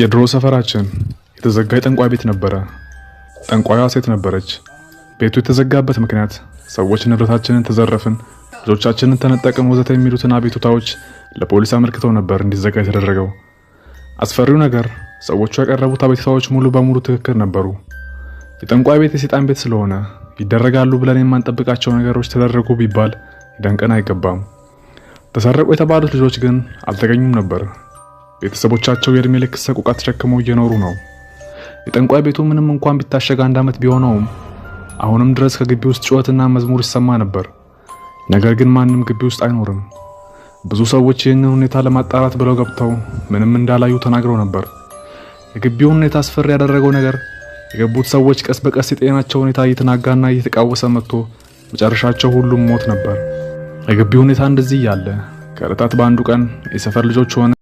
የድሮ ሰፈራችን የተዘጋ የጠንቋይ ቤት ነበረ። ጠንቋይዋ ሴት ነበረች። ቤቱ የተዘጋበት ምክንያት ሰዎች ንብረታችንን ተዘረፍን፣ ልጆቻችንን ተነጠቅን፣ ወዘተ የሚሉትን አቤቱታዎች ለፖሊስ አመልክተው ነበር እንዲዘጋ የተደረገው። አስፈሪው ነገር ሰዎቹ ያቀረቡት አቤቱታዎች ሙሉ በሙሉ ትክክል ነበሩ። የጠንቋይ ቤት የሴጣን ቤት ስለሆነ ይደረጋሉ ብለን የማንጠብቃቸው ነገሮች ተደረጉ ቢባል ይደንቀን አይገባም። ተሰረቁ የተባሉት ልጆች ግን አልተገኙም ነበር። ቤተሰቦቻቸው የእድሜ ልክ ሰቆቃ ተሸክመው እየኖሩ ነው። የጠንቋይ ቤቱ ምንም እንኳን ቢታሸግ አንድ ዓመት ቢሆነውም አሁንም ድረስ ከግቢ ውስጥ ጩኸትና መዝሙር ይሰማ ነበር። ነገር ግን ማንም ግቢ ውስጥ አይኖርም። ብዙ ሰዎች ይህንን ሁኔታ ለማጣራት ብለው ገብተው ምንም እንዳላዩ ተናግረው ነበር። የግቢውን ሁኔታ አስፈሪ ያደረገው ነገር የገቡት ሰዎች ቀስ በቀስ የጤናቸው ሁኔታ እየተናጋና እየተቃወሰ መጥቶ መጨረሻቸው ሁሉም ሞት ነበር። የግቢው ሁኔታ እንደዚህ እያለ ከዕለታት በአንዱ ቀን የሰፈር ልጆች ሆነ